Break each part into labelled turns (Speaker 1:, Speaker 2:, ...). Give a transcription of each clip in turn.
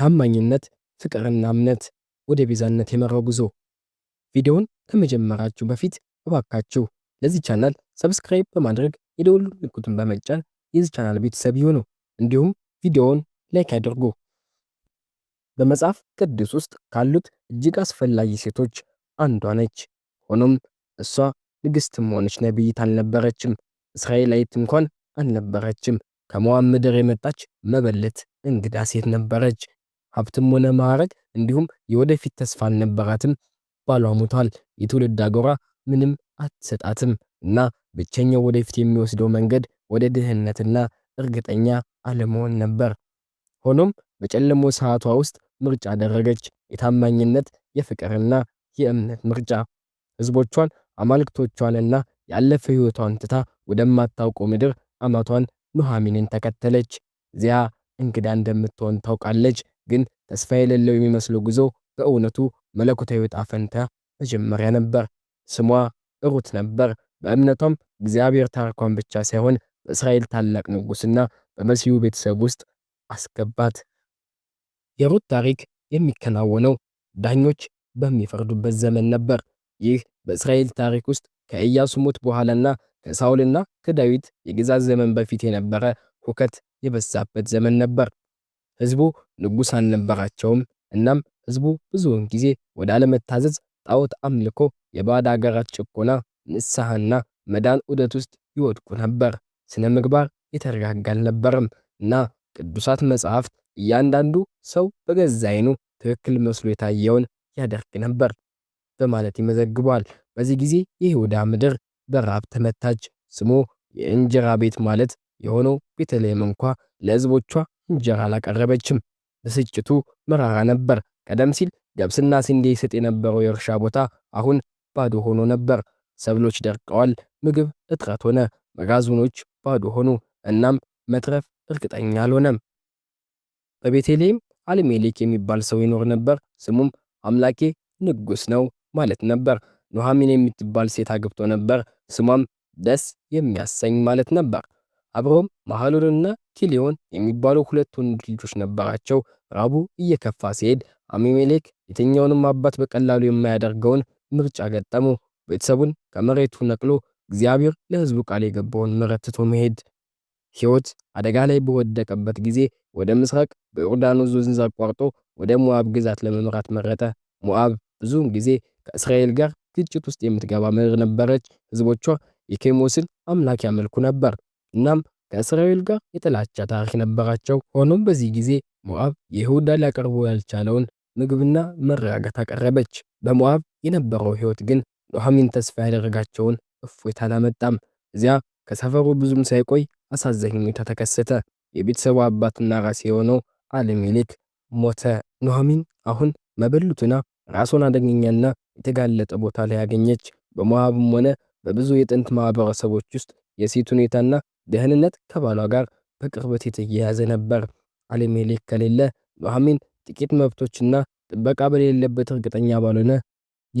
Speaker 1: ታማኝነት፣ ፍቅርና እምነት ወደ ቤዛነት የመራው ጉዞ። ቪዲዮውን ከመጀመራችሁ በፊት እባካችሁ ለዚህ ቻናል ሰብስክራይብ በማድረግ የደወል ምልክቱን በመጫን የዚህ ቻናል ቤተሰብ ይሁኑ። እንዲሁም ቪዲዮውን ላይክ አድርጉ። በመጽሐፍ ቅዱስ ውስጥ ካሉት እጅግ አስፈላጊ ሴቶች አንዷ ነች። ሆኖም እሷ ንግሥትም ሆነች ነቢይት አልነበረችም። እስራኤላዊት እንኳን አልነበረችም። ከሞዓብ ምድር የመጣች መበለት እንግዳ ሴት ነበረች። ሀብትም ሆነ ማዕረግ እንዲሁም የወደፊት ተስፋ አልነበራትም። ባሏ ሞቷል። የትውልድ አገሯ ምንም አትሰጣትም እና ብቸኛው ወደፊት የሚወስደው መንገድ ወደ ድህነትና እርግጠኛ አለመሆን ነበር። ሆኖም በጨለሞ ሰዓቷ ውስጥ ምርጫ አደረገች። የታማኝነት የፍቅርና የእምነት ምርጫ ህዝቦቿን አማልክቶቿንና ያለፈ ህይወቷን ትታ ወደማታውቀው ምድር አማቷን ኑሐሚንን ተከተለች። እዚያ እንግዳ እንደምትሆን ታውቃለች። ግን ተስፋ የሌለው የሚመስለው ጉዞ በእውነቱ መለኮታዊ ዕጣ ፈንታ መጀመሪያ ነበር። ስሟ ሩት ነበር። በእምነቷም እግዚአብሔር ታሪኳን ብቻ ሳይሆን በእስራኤል ታላቅ ንጉሥና በመሲሁ ቤተሰብ ውስጥ አስገባት። የሩት ታሪክ የሚከናወነው ዳኞች በሚፈርዱበት ዘመን ነበር። ይህ በእስራኤል ታሪክ ውስጥ ከኢያሱ ሞት በኋላና ከሳውልና ከዳዊት የግዛት ዘመን በፊት የነበረ ሁከት የበዛበት ዘመን ነበር። ህዝቡ ንጉሥ አልነበራቸውም። እናም ህዝቡ ብዙውን ጊዜ ወደ አለመታዘዝ፣ ጣዖት አምልኮ፣ የባዕድ አገራት ጭቆና፣ ንስሐና መዳን ዑደት ውስጥ ይወድቁ ነበር። ስነ ምግባር የተረጋጋ አልነበረም እና ቅዱሳት መጽሐፍት እያንዳንዱ ሰው በገዛ ዓይኑ ትክክል መስሎ የታየውን ያደርግ ነበር በማለት ይመዘግቧል። በዚህ ጊዜ የይሁዳ ምድር በራብ ተመታች። ስሙ የእንጀራ ቤት ማለት የሆነው ቤተልሔም እንኳ ለህዝቦቿ እንጀራ አላቀረበችም። ብስጭቱ መራራ ነበር። ቀደም ሲል ገብስና ስንዴ ይሰጥ የነበረው የእርሻ ቦታ አሁን ባዶ ሆኖ ነበር። ሰብሎች ደርቀዋል። ምግብ እጥረት ሆነ። መጋዘኖች ባዶ ሆኑ። እናም መትረፍ እርግጠኛ አልሆነም። በቤተልሔም አልሜሌክ የሚባል ሰው ይኖር ነበር። ስሙም አምላኬ ንጉሥ ነው ማለት ነበር። ኑሐሚን የምትባል ሴት አግብቶ ነበር። ስሟም ደስ የሚያሰኝ ማለት ነበር። አብሮም መሐሉንና ኪሊዮን የሚባሉ ሁለት ወንድ ልጆች ነበራቸው። ራቡ እየከፋ ሲሄድ አሚሜሌክ የትኛውንም አባት በቀላሉ የማያደርገውን ምርጫ ገጠሙ። ቤተሰቡን ከመሬቱ ነቅሎ እግዚአብሔር ለሕዝቡ ቃል የገባውን ምሕረት ትቶ መሄድ። ሕይወት አደጋ ላይ በወደቀበት ጊዜ ወደ ምስራቅ በዮርዳኖስ ወንዝ አቋርጦ ወደ ሞዓብ ግዛት ለመምራት መረጠ። ሞዓብ ብዙውን ጊዜ ከእስራኤል ጋር ግጭት ውስጥ የምትገባ ምድር ነበረች። ሕዝቦቿ የኬሞስን አምላክ ያመልኩ ነበር። እናም ከእስራኤል ጋር የጥላቻ ታሪክ ነበራቸው። ሆኖም በዚህ ጊዜ ሞዓብ የይሁዳ ሊያቀርቡ ያልቻለውን ምግብና መረጋጋት አቀረበች። በሞዓብ የነበረው ሕይወት ግን ኑኃሚን ተስፋ ያደረጋቸውን እፎይታ አላመጣም። እዚያ ከሰፈሩ ብዙም ሳይቆይ አሳዛኝ ሁኔታ ተከሰተ። የቤተሰቡ አባትና ራሴ የሆነው አለሜሌክ ሞተ። ኑኃሚን አሁን መበሉትና ራሱን አደገኛና የተጋለጠ ቦታ ላይ ያገኘች። በሞዓብም ሆነ በብዙ የጥንት ማህበረሰቦች ውስጥ የሴት ሁኔታና ደህንነት ከባሏ ጋር በቅርበት የተያያዘ ነበር። አሊሜሌክ ከሌለ ኑሐሚን ጥቂት መብቶችና ጥበቃ በሌለበት እርግጠኛ ባልሆነ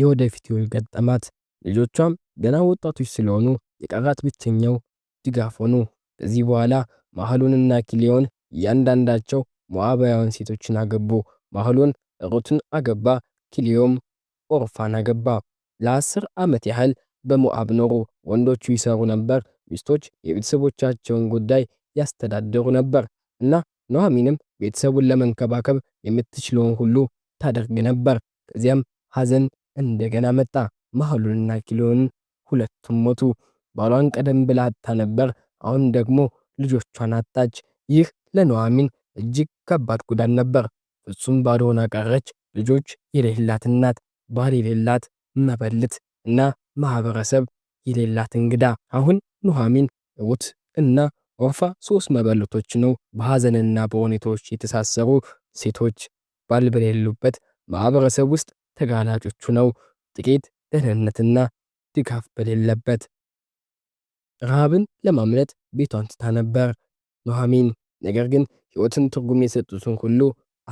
Speaker 1: የወደፊት ይወል ገጠማት። ልጆቿም ገና ወጣቶች ስለሆኑ የቀራት ብቸኛው ድጋፍ ሆኑ። ከዚህ በኋላ ማህሉንና ኪሊዮን እያንዳንዳቸው ሞዓባውያን ሴቶችን አገቡ። ማህሉን ሩትን አገባ። ኪሊዮም ኦርፋን አገባ። ለአስር ዓመት ያህል በሞዓብ ኖሩ። ወንዶቹ ይሰሩ ነበር፣ ሚስቶች የቤተሰቦቻቸውን ጉዳይ ያስተዳድሩ ነበር እና ኑኃሚንም ቤተሰቡን ለመንከባከብ የምትችለውን ሁሉ ታደርግ ነበር። ከዚያም ሐዘን እንደገና መጣ። መሐሉንና ኪሎን ሁለቱም ሞቱ። ባሏን ቀደም ብላ ነበር፣ አሁን ደግሞ ልጆቿን አጣች። ይህ ለኑኃሚን እጅግ ከባድ ጉዳት ነበር። ፍጹም ባዶ ሆና ቀረች። ልጆች የሌላት እናት፣ ባል የሌላት መበልት እና ማህበረሰብ የሌላት እንግዳ። አሁን ኑሐሚን ሩት እና ኦርፋ ሶስት መበለቶች ነው። በሐዘንና በሁኔታዎች የተሳሰሩ ሴቶች ባል በሌሉበት ማህበረሰብ ውስጥ ተጋላጮቹ ነው። ጥቂት ደህንነትና ድጋፍ በሌለበት ረሃብን ለማምለጥ ቤቷን ትታ ነበር ኑሐሚን። ነገር ግን ሕይወትን ትርጉም የሰጡትን ሁሉ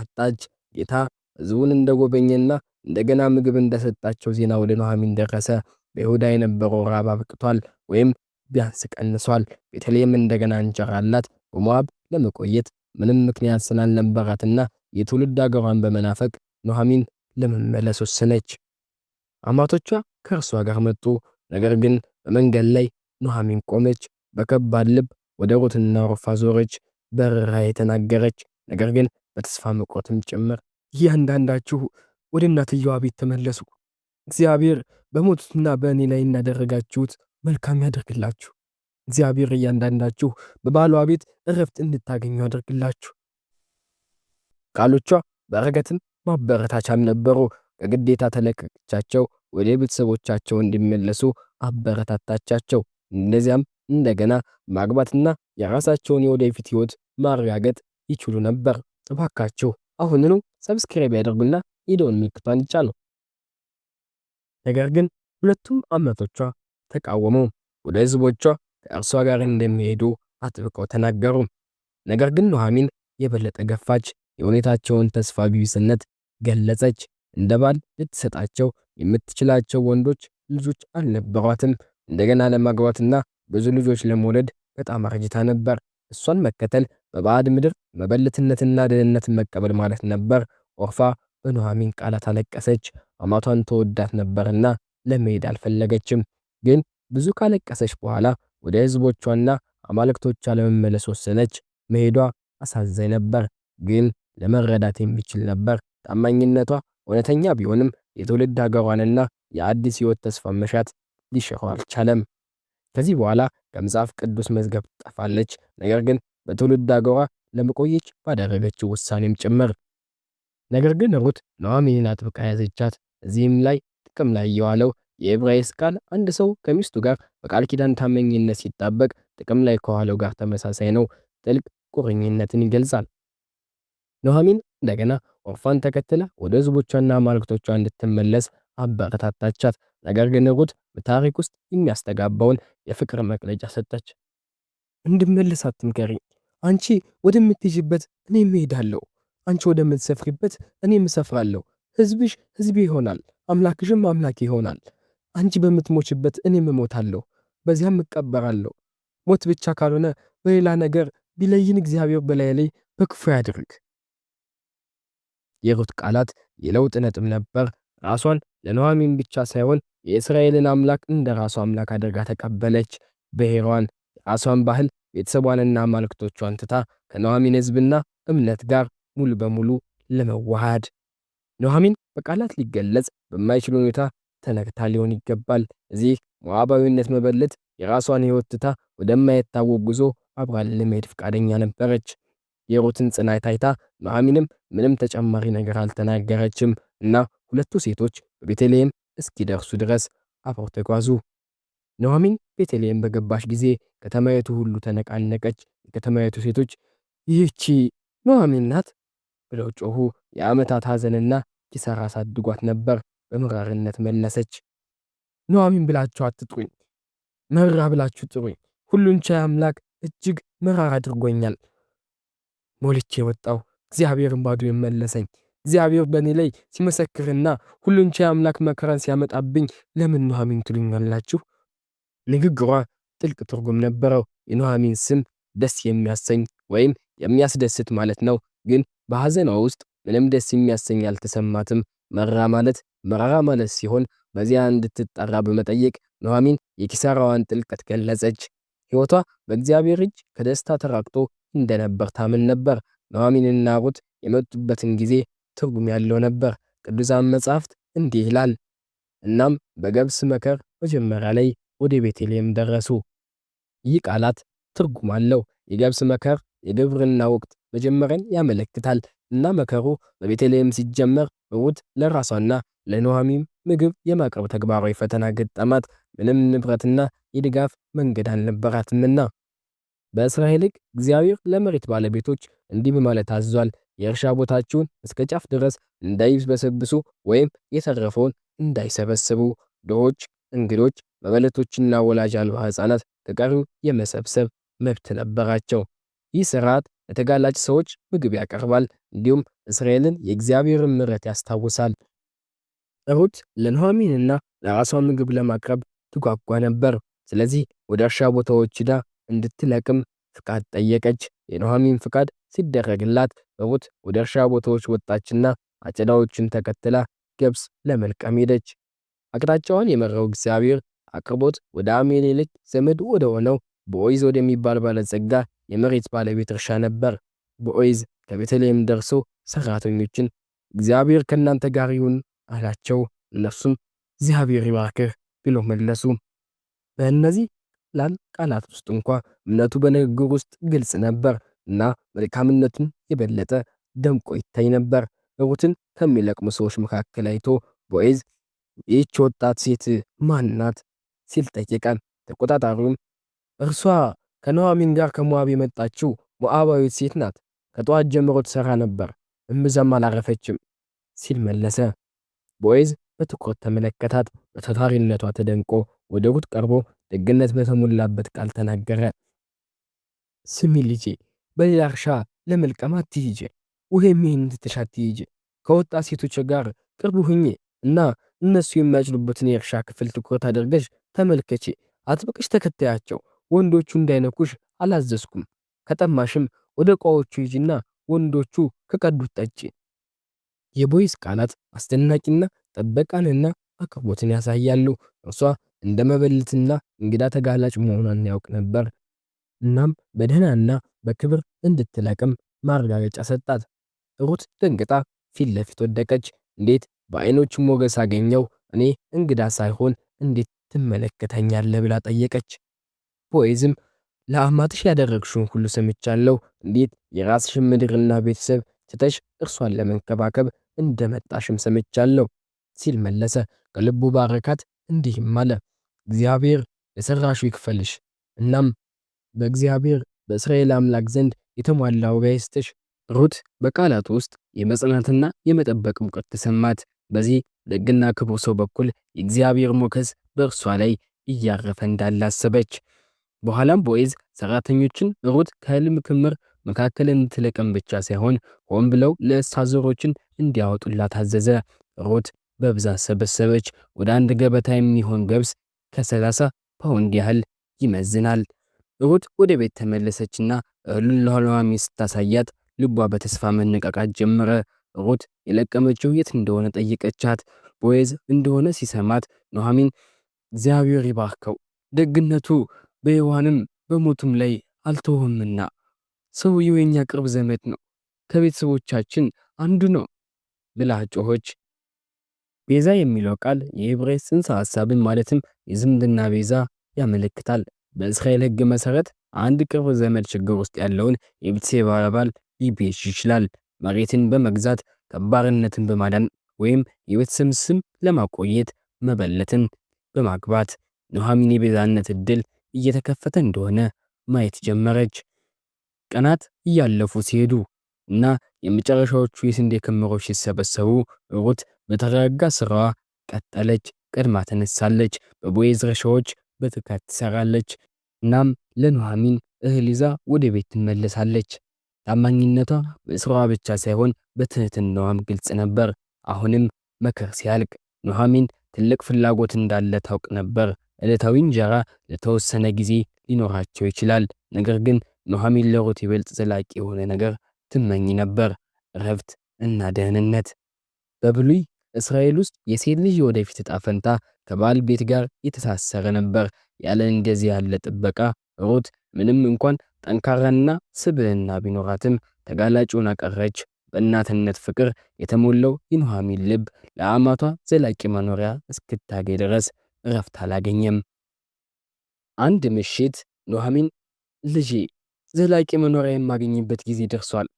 Speaker 1: አጣች። ጌታ ሕዝቡን እንደጎበኘና እንደገና ምግብ እንደሰጣቸው ዜና ወደ ኑሐሚን ደረሰ። በይሁዳ የነበረው ራብ አብቅቷል ወይም ቢያንስ ቀንሷል። ቤተልሔም እንደገና እንጀራ አላት። በሞዓብ ለመቆየት ምንም ምክንያት ስላልነበራትና የትውልድ አገሯን በመናፈቅ ኑኃሚን ለመመለስ ወሰነች። አማቶቿ ከእርሷ ጋር መጡ። ነገር ግን በመንገድ ላይ ኑኃሚን ቆመች። በከባድ ልብ ወደ ሩትና ሩፋ ዞረች። በርራ የተናገረች ነገር ግን በተስፋ መቁረጥም ጭምር እያንዳንዳችሁ ወደ እናትየዋ ቤት ተመለሱ እግዚአብሔር በሞቱትና በእኔ ላይ እናደረጋችሁት መልካም ያደርግላችሁ። እግዚአብሔር እያንዳንዳችሁ በባሏ ቤት እረፍት እንድታገኙ ያደርግላችሁ። ቃሎቿ በረከትም ማበረታቻም ነበሩ። ከግዴታ ተለቀቀቻቸው፣ ወደ ቤተሰቦቻቸው እንዲመለሱ አበረታታቻቸው። እንደዚያም እንደገና ማግባትና የራሳቸውን የወደፊት ሕይወት ማረጋገጥ ይችሉ ነበር። እባካችሁ አሁንኑ ሰብስክራይብ ያደርጉና የደወል ምልክቷን ይጫኑ። ነገር ግን ሁለቱም አመቶቿ ተቃወሙ። ወደ ህዝቦቿ ከእርሷ ጋር እንደሚሄዱ አጥብቀው ተናገሩ። ነገር ግን ኑኃሚን የበለጠ ገፋች፣ የሁኔታቸውን ተስፋ ቢስነት ገለጸች። እንደ ባል ልትሰጣቸው የምትችላቸው ወንዶች ልጆች አልነበሯትም። እንደገና ለማግባትና ብዙ ልጆች ለመውለድ በጣም አርጅታ ነበር። እሷን መከተል በባዕድ ምድር መበለትነትና ደህንነትን መቀበል ማለት ነበር። ኦርፋ በኑሐሚን ቃላት አለቀሰች። አማቷን ተወዳት ነበርና ለመሄድ አልፈለገችም። ግን ብዙ ካለቀሰች በኋላ ወደ ህዝቦቿና አማልክቶቿ ለመመለስ ወሰነች። መሄዷ አሳዘኝ ነበር፣ ግን ለመረዳት የሚችል ነበር። ታማኝነቷ እውነተኛ ቢሆንም የትውልድ ሀገሯንና የአዲስ ህይወት ተስፋ መሻት ሊሸኸው አልቻለም። ከዚህ በኋላ ከመጽሐፍ ቅዱስ መዝገብ ትጠፋለች፣ ነገር ግን በትውልድ ሀገሯ ለመቆየች ባደረገችው ውሳኔም ጭምር ነገር ግን ሩት ኑኃሚንን አጥብቃ ያዘቻት። እዚህም ላይ ጥቅም ላይ የዋለው የዕብራይስጥ ቃል አንድ ሰው ከሚስቱ ጋር በቃል ኪዳን ታማኝነት ሲጣበቅ ጥቅም ላይ ከዋለው ጋር ተመሳሳይ ነው፣ ጥልቅ ቁርኝነትን ይገልጻል። ኑኃሚን እንደገና ኦርፋን ተከትላ ወደ ህዝቦቿና አማልክቶቿ እንድትመለስ አበረታታቻት። ነገር ግን ሩት በታሪክ ውስጥ የሚያስተጋባውን የፍቅር መግለጫ ሰጠች። እንድመለስ አትምከሪ፣ አንቺ ወደምትሄጂበት እኔ እሄዳለሁ አንቺ ወደምትሰፍሪበት እኔም እሰፍራለሁ። ሕዝብሽ ሕዝቤ ይሆናል፣ አምላክሽም አምላክ ይሆናል። አንቺ በምትሞችበት እኔም እሞታለሁ፣ በዚያም እቀበራለሁ። ሞት ብቻ ካልሆነ በሌላ ነገር ቢለይን እግዚአብሔር በላይ ላይ በክፉ ያድርግ። የሩት ቃላት የለውጥ ነጥብ ነበር። ራሷን ለኑኃሚን ብቻ ሳይሆን የእስራኤልን አምላክ እንደ ራሷ አምላክ አድርጋ ተቀበለች። ብሔሯን፣ የራሷን ባህል፣ ቤተሰቧንና አማልክቶቿን ትታ ከኑኃሚን ሕዝብና እምነት ጋር ሙሉ በሙሉ ለመዋሃድ ኑኃሚን በቃላት ሊገለጽ በማይችል ሁኔታ ተነክታ ሊሆን ይገባል። እዚህ ሞዓባዊነት መበለት የራሷን ሕይወት ትታ ወደማይታወቅ ጉዞ አብራን ለመሄድ ፈቃደኛ ነበረች። የሩትን ጽናት አይታ ኑኃሚንም ምንም ተጨማሪ ነገር አልተናገረችም እና ሁለቱ ሴቶች በቤተልሔም እስኪደርሱ ድረስ አብረው ተጓዙ። ኑኃሚን ቤተልሔም በገባች ጊዜ ከተማይቱ ሁሉ ተነቃነቀች። የከተማይቱ ሴቶች ይህቺ ኑኃሚን ናት ብለው ጮኹ። የዓመታት ሐዘንና ኪሳራ አሳድጓት ነበር። በምራርነት መለሰች። ኑሐሚን ብላችሁ አትጥሩኝ፣ መራ ብላችሁ ጥሩኝ። ሁሉን ቻይ አምላክ እጅግ መራር አድርጎኛል። ሞልቼ የወጣው እግዚአብሔርን ባዶ የመለሰኝ እግዚአብሔር በእኔ ላይ ሲመሰክርና ሁሉን ቻይ አምላክ መከራን ሲያመጣብኝ ለምን ኑሐሚን ትሉኛላችሁ? ንግግሯ ጥልቅ ትርጉም ነበረው። የኑሐሚን ስም ደስ የሚያሰኝ ወይም የሚያስደስት ማለት ነው። ግን በሐዘኗ ውስጥ ምንም ደስ የሚያሰኝ አልተሰማትም። መራ ማለት መራራ ማለት ሲሆን በዚያ እንድትጠራ በመጠየቅ ኑሐሚን የኪሳራዋን ጥልቀት ገለጸች። ሕይወቷ በእግዚአብሔር እጅ ከደስታ ተራቅቶ እንደነበር ታምን ነበር። ኑሐሚንና ሩት የመጡበትን ጊዜ ትርጉም ያለው ነበር። ቅዱሳን መጻሕፍት እንዲህ ይላል። እናም በገብስ መከር መጀመሪያ ላይ ወደ ቤተልሔም ደረሱ። ይህ ቃላት ትርጉም አለው። የገብስ መከር የግብርና ወቅት መጀመሪያን ያመለክታል እና መከሩ በቤተልሔም ሲጀመር ሩት ለራሷና ለኑኃሚን ምግብ የማቅረብ ተግባራዊ ፈተና ገጠማት። ምንም ንብረትና የድጋፍ መንገድ አልነበራትምና። በእስራኤል ሕግ እግዚአብሔር ለመሬት ባለቤቶች እንዲህ በማለት አዟል፣ የእርሻ ቦታችሁን እስከ ጫፍ ድረስ እንዳይበሰብሱ ወይም የተረፈውን እንዳይሰበስቡ፣ ድሆች፣ እንግዶች፣ መበለቶችና ወላጅ አልባ ሕፃናት ከቀሪው የመሰብሰብ መብት ነበራቸው። ይህ ስርዓት ለተጋላጭ ሰዎች ምግብ ያቀርባል። እንዲሁም እስራኤልን የእግዚአብሔርን ምሕረት ያስታውሳል። ሩት ለኑኃሚንና ለራሷ ምግብ ለማቅረብ ትጓጓ ነበር። ስለዚህ ወደ እርሻ ቦታዎች ሄዳ እንድትለቅም ፍቃድ ጠየቀች። የኑኃሚን ፍቃድ ሲደረግላት ሩት ወደ እርሻ ቦታዎች ወጣችና አጨዳዎችን ተከትላ ገብስ ለመልቀም ሄደች። አቅጣጫዋን የመራው እግዚአብሔር አቅርቦት ወደ አሜሌሌክ ዘመድ ወደ ሆነው ቦዔዝ ወደሚባል ባለጸጋ የመሬት ባለቤት እርሻ ነበር። ቦዔዝ ከቤተልሔም ደርሶ ሰራተኞችን እግዚአብሔር ከእናንተ ጋር ይሁን አላቸው። እነሱም እግዚአብሔር ይባርክህ ብሎ መለሱ። በእነዚህ ላል ቃላት ውስጥ እንኳ እምነቱ በንግግር ውስጥ ግልጽ ነበር እና መልካምነቱን የበለጠ ደምቆ ይታይ ነበር። ሩትን ከሚለቅሙ ሰዎች መካከል አይቶ ቦዔዝ ይህች ወጣት ሴት ማን ናት? ሲል ጠየቀ። ተቆጣጣሪውም እርሷ ከኑኃሚን ጋር ከሞዓብ የመጣችው ሞዓባዊት ሴት ናት። ከጠዋት ጀምሮ ትሰራ ነበር፣ እምብዛም አላረፈችም ሲል መለሰ። ቦዔዝ በትኩረት ተመለከታት። በታታሪነቷ ተደንቆ ወደ ሩት ቀርቦ ደግነት በተሞላበት ቃል ተናገረ። ስሚ ልጄ፣ በሌላ እርሻ ለመልቀም አትሂጂ፣ ውሄም ይህን ትተሽ አትሂጂ። ከወጣት ሴቶች ጋር ቅርብ ሁኚ እና እነሱ የሚያጭዱበትን የእርሻ ክፍል ትኩረት አድርገሽ ተመልከቼ፣ አጥብቅሽ ተከታያቸው። ወንዶቹ እንዳይነኩሽ አላዘዝኩም። ከጠማሽም ወደ ዕቃዎቹ ሂጂና ወንዶቹ ከቀዱት ጠጪ። የቦይስ ቃላት አስደናቂና ጥበቃንና አቅርቦትን ያሳያሉ። እርሷ እንደ መበለትና እንግዳ ተጋላጭ መሆኗን ያውቅ ነበር። እናም በደህናና በክብር እንድትለቅም ማረጋገጫ ሰጣት። ሩት ደንግጣ ፊት ለፊት ወደቀች። እንዴት በአይኖች ሞገስ አገኘው? እኔ እንግዳ ሳይሆን እንዴት ትመለከተኛለህ ብላ ጠየቀች። ፖይዝም ለአማትሽ ያደረግሽውን ሁሉ ሰምቻለሁ። እንዴት የራስሽን ምድርና ቤተሰብ ትተሽ እርሷን ለመንከባከብ እንደመጣሽም ሰምቻለሁ ሲል መለሰ። ከልቡ ባረካት፣ እንዲህም አለ እግዚአብሔር ለሰራሹ ይክፈልሽ። እናም በእግዚአብሔር በእስራኤል አምላክ ዘንድ የተሟላ ዋጋ ይስጥሽ። ሩት በቃላቱ ውስጥ የመጽናትና የመጠበቅ ሙቀት ተሰማት። በዚህ ደግና ክቡር ሰው በኩል የእግዚአብሔር ሞገስ በእርሷ ላይ እያረፈ እንዳላሰበች በኋላም ቦይዝ ሰራተኞችን ሩት ከህልም ክምር መካከል እንድትለቅም ብቻ ሳይሆን ሆን ብለው ለእሳዞሮችን እንዲያወጡላት አዘዘ። ሩት በብዛት ሰበሰበች። ወደ አንድ ገበታ የሚሆን ገብስ ከሰላሳ ፓውንድ ያህል ይመዝናል። ሩት ወደ ቤት ተመለሰችና እህሉን ለኋላዋ ስታሳያት ልቧ በተስፋ መነቃቃት ጀመረ። ሩት የለቀመችው የት እንደሆነ ጠየቀቻት። ቦይዝ እንደሆነ ሲሰማት ኑኃሚን እግዚአብሔር ይባርከው ደግነቱ በሕያዋንም በሞቱም ላይ አልተውህምና። ሰውየው የእኛ ቅርብ ዘመድ ነው፣ ከቤተሰቦቻችን አንዱ ነው ብላ ጮኸች። ቤዛ የሚለው ቃል የዕብራይስጥ ጽንሰ ሐሳብን ማለትም የዝምድና ቤዛ ያመለክታል። በእስራኤል ሕግ መሰረት አንድ ቅርብ ዘመድ ችግር ውስጥ ያለውን የቤተሰብ አባል ሊቤዥ ይችላል። መሬትን በመግዛት ከባርነትን በማዳን ወይም የቤተሰብ ስም ለማቆየት መበለትን በማግባት ኑኃሚን የቤዛነት ዕድል እየተከፈተ እንደሆነ ማየት ጀመረች። ቀናት እያለፉ ሲሄዱ እና የመጨረሻዎቹ የስንዴ ክምሮች ሲሰበሰቡ ሩት በተረጋጋ ስራዋ ቀጠለች። ቀድማ ተነሳለች። በቦዔዝ እርሻዎች በትጋት ትሰራለች። እናም ለኑኃሚን እህል ይዛ ወደ ቤት ትመለሳለች። ታማኝነቷ በስራዋ ብቻ ሳይሆን በትህትናዋም ግልጽ ነበር። አሁንም መከር ሲያልቅ ኑኃሚን ትልቅ ፍላጎት እንዳለ ታውቅ ነበር። ዕለታዊ እንጀራ ለተወሰነ ጊዜ ሊኖራቸው ይችላል። ነገር ግን ኑኃሚን ለሩት ይበልጥ ዘላቂ የሆነ ነገር ትመኝ ነበር፣ እረፍት እና ደህንነት። በብሉይ እስራኤል ውስጥ የሴት ልጅ ወደፊት እጣ ፈንታ ከባል ቤት ጋር የተሳሰረ ነበር። ያለ እንደዚህ ያለ ጥበቃ ሩት ምንም እንኳን ጠንካራና ስብዕና ቢኖራትም ተጋላጭ ሆና ቀረች። በእናትነት ፍቅር የተሞላው የኑኃሚን ልብ ለአማቷ ዘላቂ መኖሪያ እስክታገኝ ድረስ እረፍት አላገኘም። አንድ ምሽት ኑሐሚን ልጄ ዘላቂ መኖሪያ የማገኝበት ጊዜ ደርሷል፣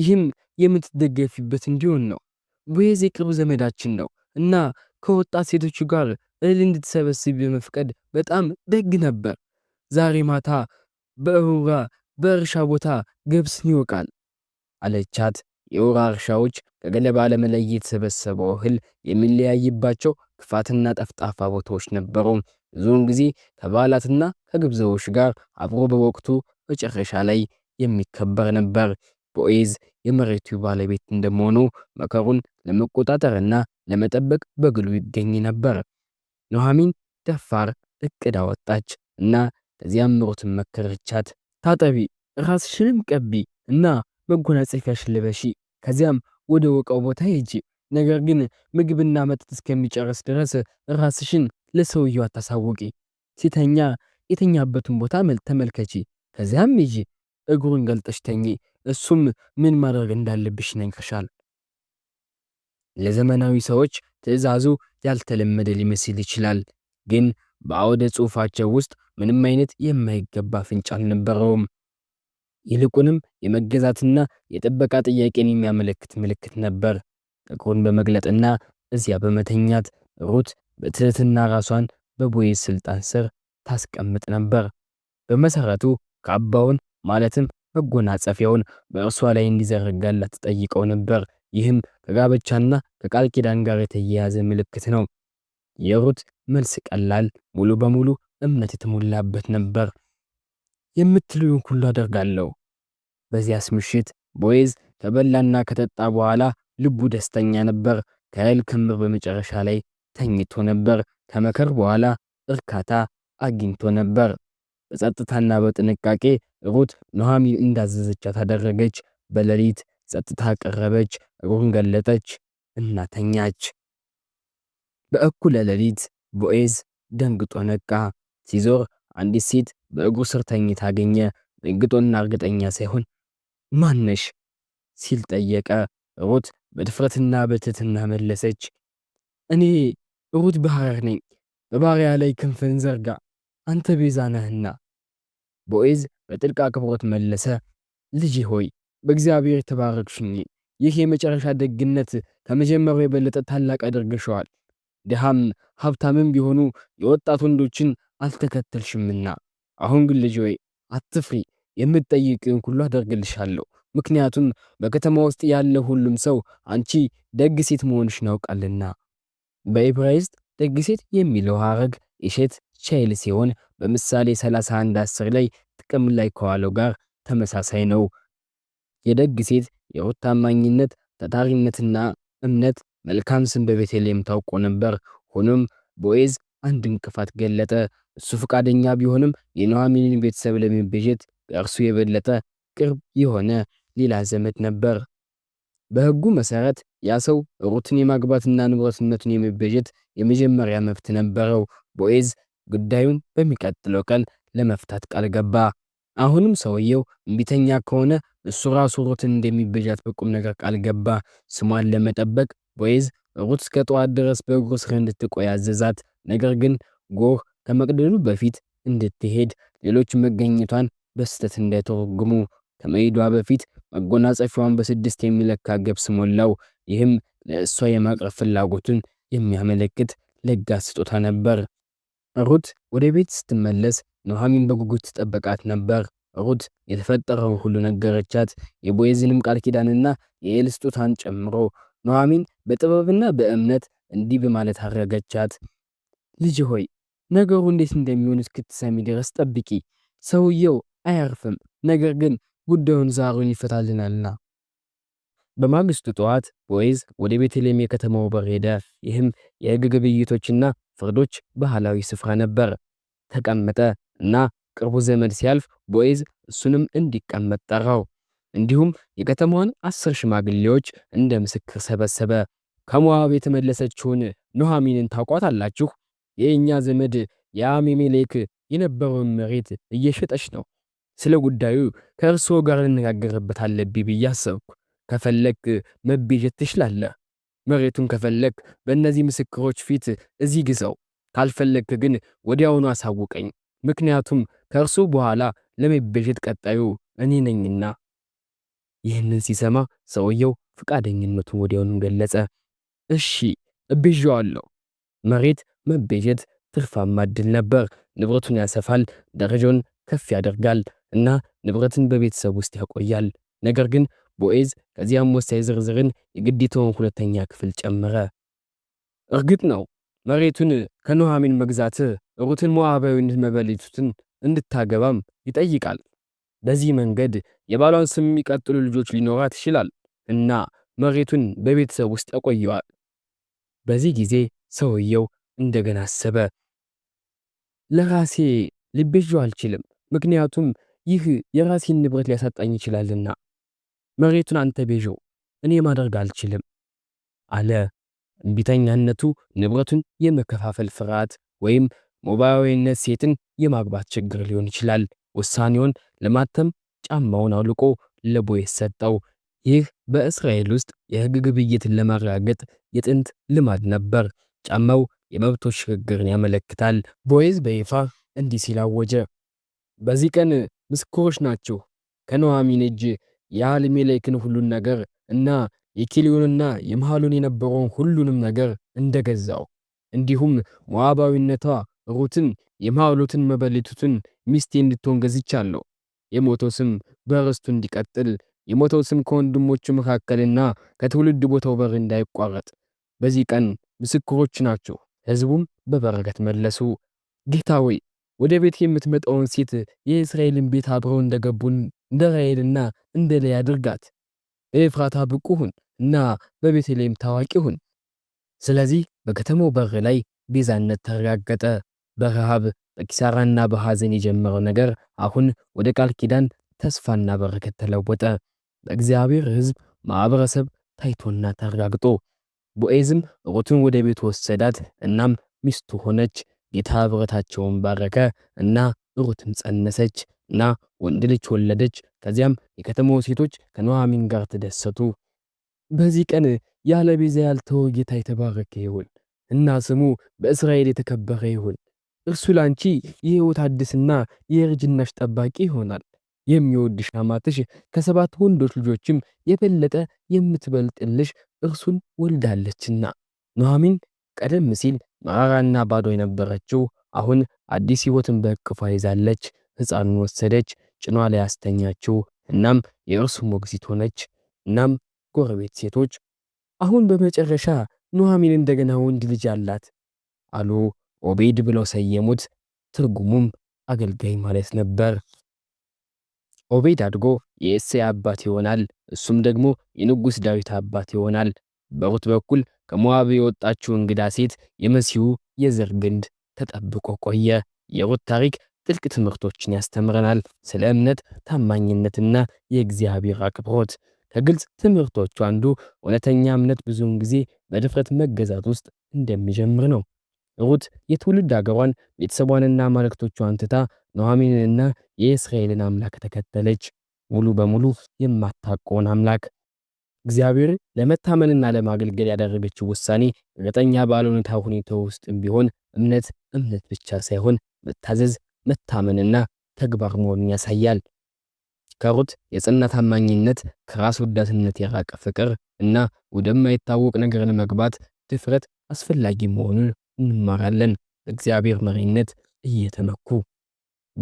Speaker 1: ይህም የምትደገፊበት እንዲሆን ነው። ቦዔዝ የቅርብ ዘመዳችን ነው እና ከወጣት ሴቶቹ ጋር እህል እንድትሰበስብ በመፍቀድ በጣም ደግ ነበር። ዛሬ ማታ በእሁራ በእርሻ ቦታ ገብስን ይወቃል አለቻት። የውራ እርሻዎች ከገለባ ለመለየት የተሰበሰበው እህል የሚለያይባቸው ክፋትና ጠፍጣፋ ቦታዎች ነበሩ። ብዙውን ጊዜ ከበዓላትና ከግብዣዎች ጋር አብሮ በወቅቱ መጨረሻ ላይ የሚከበር ነበር። ቦኤዝ የመሬቱ ባለቤት እንደመሆኑ መከሩን ለመቆጣጠርና ለመጠበቅ በግሉ ይገኝ ነበር። ኑኃሚን ደፋር እቅድ አወጣች እና ከዚያም ሩትን መከረቻት። ታጠቢ፣ ራስሽንም ቀቢ እና መጎናጸፊያሽን ልበሺ ከዚያም ወደ ወቀው ቦታ ሄጂ። ነገር ግን ምግብና መጠጥ እስከሚጨርስ ድረስ ራስሽን ለሰውየው አታሳውቂ። ሲተኛ የተኛበትን ቦታ ተመልከቺ። ከዚያም ሂጂ፣ እግሩን ገልጠሽ ተኚ። እሱም ምን ማድረግ እንዳለብሽ ይነግርሻል። ለዘመናዊ ሰዎች ትዕዛዙ ያልተለመደ ሊመስል ይችላል፣ ግን በአውደ ጽሑፋቸው ውስጥ ምንም አይነት የማይገባ ፍንጭ አልነበረውም። ይልቁንም የመገዛትና የጥበቃ ጥያቄን የሚያመለክት ምልክት ነበር። እግሩን በመግለጥና እዚያ በመተኛት ሩት በትህትና ራሷን በቦዔዝ ስልጣን ስር ታስቀምጥ ነበር። በመሰረቱ ካባውን ማለትም መጎናጸፊያውን በእርሷ ላይ እንዲዘረጋላት ጠይቀው ነበር። ይህም ከጋብቻና ከቃል ኪዳን ጋር የተያያዘ ምልክት ነው። የሩት መልስ ቀላል፣ ሙሉ በሙሉ እምነት የተሞላበት ነበር። የምትሉን ሁሉ አደርጋለሁ። በዚያስ ምሽት ቦይዝ ከበላና ከጠጣ በኋላ ልቡ ደስተኛ ነበር። ከእህል ክምር በመጨረሻ ላይ ተኝቶ ነበር። ከመከር በኋላ እርካታ አግኝቶ ነበር። በጸጥታና በጥንቃቄ ሩት ኖሃሚ እንዳዘዘቻት አደረገች። በሌሊት ጸጥታ ቀረበች፣ እግሩን ገለጠች እና ተኛች። በእኩለ ሌሊት ቦዔዝ ደንግጦ ነቃ። ሲዞር አንዲት ሴት በእግሩ ስር ተኝታ አገኘ። ግጦና እርግጠኛ ሳይሆን ማነሽ ሲል ጠየቀ። ሩት በድፍረትና በትህትና መለሰች። እኔ ሩት ባህር ነኝ። በባሪያ ላይ ክንፍን ዘርጋ፣ አንተ ቤዛ ነህና። ቦኤዝ በጥልቅ አክብሮት መለሰ። ልጅ ሆይ በእግዚአብሔር የተባረክሽኝ። ይህ የመጨረሻ ደግነት ከመጀመሩ የበለጠ ታላቅ አድርገሸዋል። ድሃም ሀብታምም ቢሆኑ የወጣት ወንዶችን አልተከተልሽምና አሁን ግን ልጅ ወይ አትፍሪ፣ የምትጠይቅን ሁሉ አደርግልሻለሁ። ምክንያቱም በከተማ ውስጥ ያለ ሁሉም ሰው አንቺ ደግ ሴት መሆንሽ ያውቃልና። በዕብራይስጥ ደግ ሴት የሚለው ሐረግ ኢሼት ቻይል ሲሆን በምሳሌ 31 10 ላይ ጥቅም ላይ ከዋለው ጋር ተመሳሳይ ነው። የደግ ሴት የሩት ታማኝነት፣ ታታሪነትና እምነት መልካም ስም በቤተልሔም ታውቆ ነበር። ሆኖም ቦኤዝ አንድ እንቅፋት ገለጠ። እሱ ፈቃደኛ ቢሆንም የኑሐሚንን ቤተሰብ ለመቤዠት ከእርሱ የበለጠ ቅርብ የሆነ ሌላ ዘመድ ነበር። በሕጉ መሠረት ያ ሰው ሩትን የማግባትና ንብረትነቱን የመቤዠት የመጀመሪያ መብት ነበረው። ቦኤዝ ጉዳዩን በሚቀጥለው ቀን ለመፍታት ቃል ገባ። አሁንም ሰውየው እምቢተኛ ከሆነ እሱ ራሱ ሩትን እንደሚበጃት በቁም ነገር ቃል ገባ። ስሟን ለመጠበቅ ቦኤዝ ሩት እስከ ጠዋት ድረስ በእግሩ ስር እንድትቆይ አዘዛት። ነገር ግን ጎህ ከመቅደሉ በፊት እንድትሄድ ሌሎች መገኘቷን በስተት እንዳይተረጉሙ ከመሄዷ በፊት መጎናጸፊዋን በስድስት የሚለካ ገብስ ሞላው። ይህም ለእሷ የማቅረብ ፍላጎቱን የሚያመለክት ለጋ ስጦታ ነበር። ሩት ወደ ቤት ስትመለስ ኑሃሚን በጉጉት ትጠበቃት ነበር። ሩት የተፈጠረው ሁሉ ነገረቻት፣ የቦየዝንም ቃል ኪዳንና የኤል ስጦታን ጨምሮ። ኑሃሚን በጥበብና በእምነት እንዲህ በማለት አረገቻት። ልጅ ሆይ ነገሩ እንዴት እንደሚሆን እስክትሰሚ ድረስ ጠብቂ። ሰውየው አያርፍም፣ ነገር ግን ጉዳዩን ዛሬውን ይፈታልናልና። በማግስቱ ጠዋት ቦይዝ ወደ ቤተልሔም የከተማው በር ሄደ። ይህም የሕግ ግብይቶችና ፍርዶች ባህላዊ ስፍራ ነበር። ተቀመጠ እና ቅርቡ ዘመድ ሲያልፍ ቦይዝ እሱንም እንዲቀመጥ ጠራው። እንዲሁም የከተማዋን አስር ሽማግሌዎች እንደ ምስክር ሰበሰበ። ከሞዓብ የተመለሰችውን ኑኃሚንን ታውቋታላችሁ የእኛ ዘመድ የአሚሜሌክ የነበረውን መሬት እየሸጠች ነው። ስለ ጉዳዩ ከእርስዎ ጋር ልነጋገርበት አለብኝ ብዬ አሰብኩ። ከፈለግ መቤዠት ትችላለህ። መሬቱን ከፈለግ በእነዚህ ምስክሮች ፊት እዚህ ግዘው፣ ካልፈለግክ ግን ወዲያውኑ አሳውቀኝ። ምክንያቱም ከእርሱ በኋላ ለመቤዠት ቀጣዩ እኔ ነኝና። ይህንን ሲሰማ ሰውየው ፈቃደኝነቱን ወዲያውኑ ገለጸ። እሺ እቤዣዋለሁ። መሬት መቤዠት ትርፋማ እድል ነበር። ንብረቱን ያሰፋል፣ ደረጃውን ከፍ ያደርጋል እና ንብረትን በቤተሰብ ውስጥ ያቆያል። ነገር ግን ቦኤዝ ከዚያም ወሳኝ ዝርዝርን የግዴታውን ሁለተኛ ክፍል ጨመረ። እርግጥ ነው መሬቱን ከኑኃሚን መግዛት ሩትን ሞዓባዊት መበለቲቱን እንድታገባም ይጠይቃል። በዚህ መንገድ የባሏን ስም የሚቀጥሉ ልጆች ሊኖራት ይችላል እና መሬቱን በቤተሰብ ውስጥ ያቆየዋል። በዚህ ጊዜ ሰውየው እንደገና አሰበ። ለራሴ ልቤዥ አልችልም፣ ምክንያቱም ይህ የራሴን ንብረት ሊያሳጣኝ ይችላልና መሬቱን አንተ ቤዥው፣ እኔ ማድረግ አልችልም አለ። እንቢተኛነቱ ንብረቱን የመከፋፈል ፍርሃት ወይም ሞባዊነት ሴትን የማግባት ችግር ሊሆን ይችላል። ውሳኔውን ለማተም ጫማውን አውልቆ ለቦየስ ሰጠው። ይህ በእስራኤል ውስጥ የሕግ ግብይትን ለማረጋገጥ የጥንት ልማድ ነበር። ጫማው የመብቶች ሽግግርን ያመለክታል። ቦይዝ በይፋ እንዲህ ሲል አወጀ። በዚህ ቀን ምስክሮች ናችሁ። ከኑኃሚን እጅ የአቢሜሌክን ሁሉን ነገር እና የኪሊዮንና የመሃሉን የነበረውን ሁሉንም ነገር እንደገዛው እንዲሁም ሞዓባዊነቷ ሩትን የመሃሉትን መበለቲቱን ሚስቴ እንድትሆን ገዝቻለሁ። የሞተው ስም በርስቱ እንዲቀጥል የሞተው ስም ከወንድሞቹ መካከልና ከትውልድ ቦታው በር እንዳይቋረጥ በዚህ ቀን ምስክሮች ናቸው። ሕዝቡም በበረከት መለሱ። ጌታ ሆይ ወደ ቤት የምትመጣውን ሴት የእስራኤልን ቤት አብረው እንደገቡን እንደ ራሔልና እንደ ልያ አድርጋት። ኤፍራታ ብቁ ሁን እና በቤተልሔም ታዋቂ ሁን። ስለዚህ በከተማው በር ላይ ቤዛነት ተረጋገጠ። በረሃብ በኪሳራና በሐዘን የጀመረው ነገር አሁን ወደ ቃል ኪዳን ተስፋና በረከት ተለወጠ። በእግዚአብሔር ሕዝብ ማኅበረሰብ ታይቶና ተረጋግጦ ቦኤዝም ሩትን ወደ ቤት ወሰዳት፣ እናም ሚስቱ ሆነች። ጌታ ብረታቸውን ባረከ እና ሩትም ጸነሰች እና ወንድ ልጅ ወለደች። ከዚያም የከተማው ሴቶች ከኑኃሚን ጋር ተደሰቱ። በዚህ ቀን ያለ ቤዛ ያልተወ ጌታ የተባረከ ይሁን እና ስሙ በእስራኤል የተከበረ ይሁን። እርሱ ላንቺ የህይወት አዲስና የእርጅናሽ ጠባቂ ይሆናል። የሚወድሽ አማትሽ ከሰባት ወንዶች ልጆችም የበለጠ የምትበልጥልሽ እርሱን ወልዳለችና። ኖሃሚን ቀደም ሲል መራራና ባዶ የነበረችው አሁን አዲስ ህይወትን በእቅፏ ይዛለች። ህፃኑን ወሰደች፣ ጭኗ ላይ አስተኛችው። እናም የእርሱ ሞግዚት ሆነች። እናም ጎረቤት ሴቶች አሁን በመጨረሻ ኖሃሚን እንደገና ወንድ ልጅ አላት አሉ። ኦቤድ ብለው ሰየሙት። ትርጉሙም አገልጋይ ማለት ነበር። ኦቤድ አድጎ የእሴይ አባት ይሆናል። እሱም ደግሞ የንጉሥ ዳዊት አባት ይሆናል። በሩት በኩል ከሞዓብ የወጣችው እንግዳ ሴት የመሲሁ የዘር ግንድ ተጠብቆ ቆየ። የሩት ታሪክ ጥልቅ ትምህርቶችን ያስተምረናል። ስለ እምነት ታማኝነትና የእግዚአብሔር አክብሮት። ከግልጽ ትምህርቶቹ አንዱ እውነተኛ እምነት ብዙውን ጊዜ በድፍረት መገዛት ውስጥ እንደሚጀምር ነው። ሩት የትውልድ አገሯን ቤተሰቧንና አማልክቶቿን ትታ ኑኃሚንንና የእስራኤልን አምላክ ተከተለች። ሙሉ በሙሉ የማታውቀውን አምላክ እግዚአብሔር ለመታመንና ለማገልገል ያደረገችው ውሳኔ እርግጠኛ ባልሆነታ ሁኔታ ውስጥም ቢሆን እምነት እምነት ብቻ ሳይሆን መታዘዝ፣ መታመንና ተግባር መሆኑን ያሳያል። ከሩት የጽና ታማኝነት ከራስ ወዳትነት የራቀ ፍቅር እና ወደማይታወቅ ነገር ለመግባት ድፍረት አስፈላጊ መሆኑን እንማራለን። እግዚአብሔር መሪነት እየተመኩ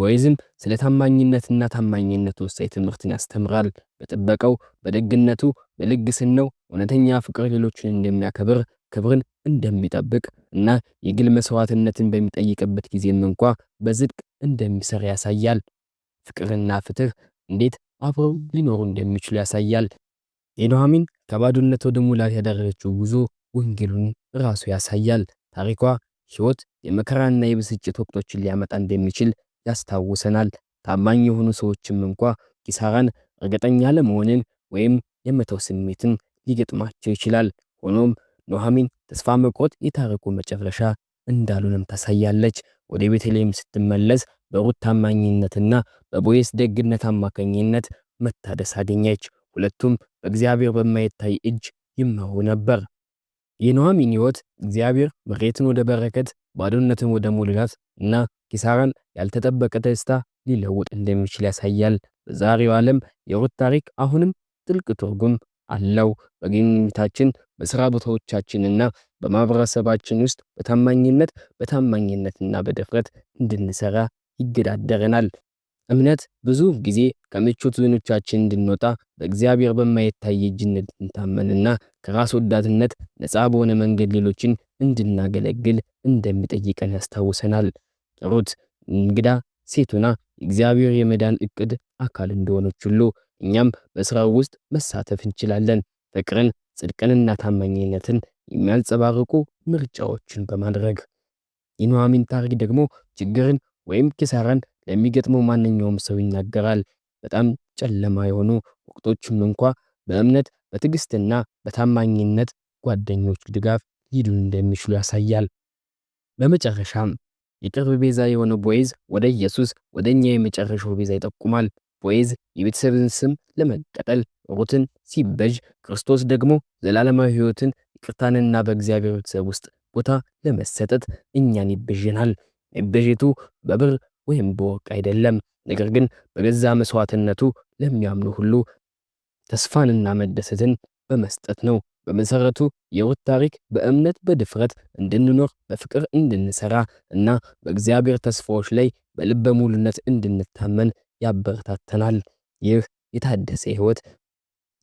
Speaker 1: ቦይዝም ስለ ታማኝነትና ታማኝነቱ ወሳኝ ትምህርትን ያስተምራል። በጥበቃው፣ በደግነቱ፣ በልግስናው እውነተኛ ፍቅር ሌሎችን እንደሚያከብር ክብርን እንደሚጠብቅ እና የግል መስዋዕትነትን በሚጠይቅበት ጊዜም እንኳ በጽድቅ እንደሚሰራ ያሳያል። ፍቅርና ፍትህ እንዴት አብረው ሊኖሩ እንደሚችሉ ያሳያል። የኑኃሚን ከባዶነት ወደ ሙላት ያደረገችው ጉዞ ወንጌሉን ራሱ ያሳያል። ታሪኳ ሕይወት የመከራና የብስጭት ወቅቶችን ሊያመጣ እንደሚችል ያስታውሰናል። ታማኝ የሆኑ ሰዎችም እንኳ ኪሳራን እርግጠኛ ለመሆንን ወይም የመተው ስሜትን ሊገጥማቸው ይችላል። ሆኖም ኑኃሚን ተስፋ መቁረጥ የታሪኩ መጨረሻ እንዳሉንም ታሳያለች። ወደ ቤተልሔም ስትመለስ በሩት ታማኝነትና በቦየስ ደግነት አማካኝነት መታደስ አገኘች። ሁለቱም በእግዚአብሔር በማይታይ እጅ ይመሩ ነበር። የኑኃሚን ሕይወት እግዚአብሔር መሬትን ወደ በረከት፣ ባዶነትን ወደ ሙሉላት እና ኪሳራን ያልተጠበቀ ደስታ ሊለውጥ እንደሚችል ያሳያል። በዛሬው ዓለም የሩት ታሪክ አሁንም ጥልቅ ትርጉም አለው። በግንኙነታችን፣ በስራ ቦታዎቻችንና በማህበረሰባችን ውስጥ በታማኝነት በታማኝነትና በድፍረት እንድንሰራ ይገዳደረናል። እምነት ብዙ ጊዜ ከምቾት ዞኖቻችን እንድንወጣ በእግዚአብሔር በማይታይ እጅ እንድንታመንና ከራስ ወዳድነት ነፃ በሆነ መንገድ ሌሎችን እንድናገለግል እንደሚጠይቀን ያስታውሰናል። ሩት እንግዳ ሴቱና እግዚአብሔር የመዳን እቅድ አካል እንደሆነች ሁሉ እኛም በስራው ውስጥ መሳተፍ እንችላለን። ፍቅርን፣ ጽድቅንና ታማኝነትን የሚያንጸባርቁ ምርጫዎችን በማድረግ የኑኃሚን ታሪክ ደግሞ ችግርን ወይም ኪሳራን ለሚገጥመው ማንኛውም ሰው ይናገራል። በጣም ጨለማ የሆኑ ወቅቶችም እንኳ በእምነት በትዕግስትና በታማኝነት ጓደኞች ድጋፍ ሊድኑ እንደሚችሉ ያሳያል። በመጨረሻም የቅርብ ቤዛ የሆነው ቦይዝ ወደ ኢየሱስ ወደ እኛ የመጨረሻው ቤዛ ይጠቁማል። ቦይዝ የቤተሰብን ስም ለመቀጠል ሩትን ሲበዥ፣ ክርስቶስ ደግሞ ዘላለማዊ ሕይወትን ይቅርታንና በእግዚአብሔር ቤተሰብ ውስጥ ቦታ ለመሰጠት እኛን ይበዥናል። መቤዠቱ በብር ወይም በወርቅ አይደለም፣ ነገር ግን በገዛ መስዋዕትነቱ ለሚያምኑ ሁሉ ተስፋንና መደሰትን በመስጠት ነው። በመሰረቱ የሩት ታሪክ በእምነት በድፍረት እንድንኖር በፍቅር እንድንሰራ እና በእግዚአብሔር ተስፋዎች ላይ በልበ ሙሉነት እንድንታመን ያበረታተናል። ይህ የታደሰ ህይወት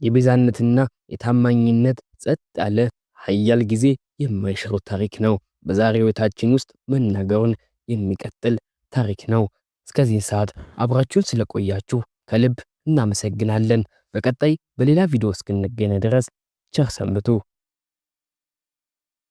Speaker 1: የቤዛነትና የታማኝነት ጸጥ ያለ ኃያል ጊዜ የማይሽሩ ታሪክ ነው። በዛሬ ህይወታችን ውስጥ መናገሩን የሚቀጥል ታሪክ ነው። እስከዚህ ሰዓት አብራችሁን ስለቆያችሁ ከልብ እናመሰግናለን። በቀጣይ በሌላ ቪዲዮ እስክንገናኝ ድረስ ቸር ሰንብቱ።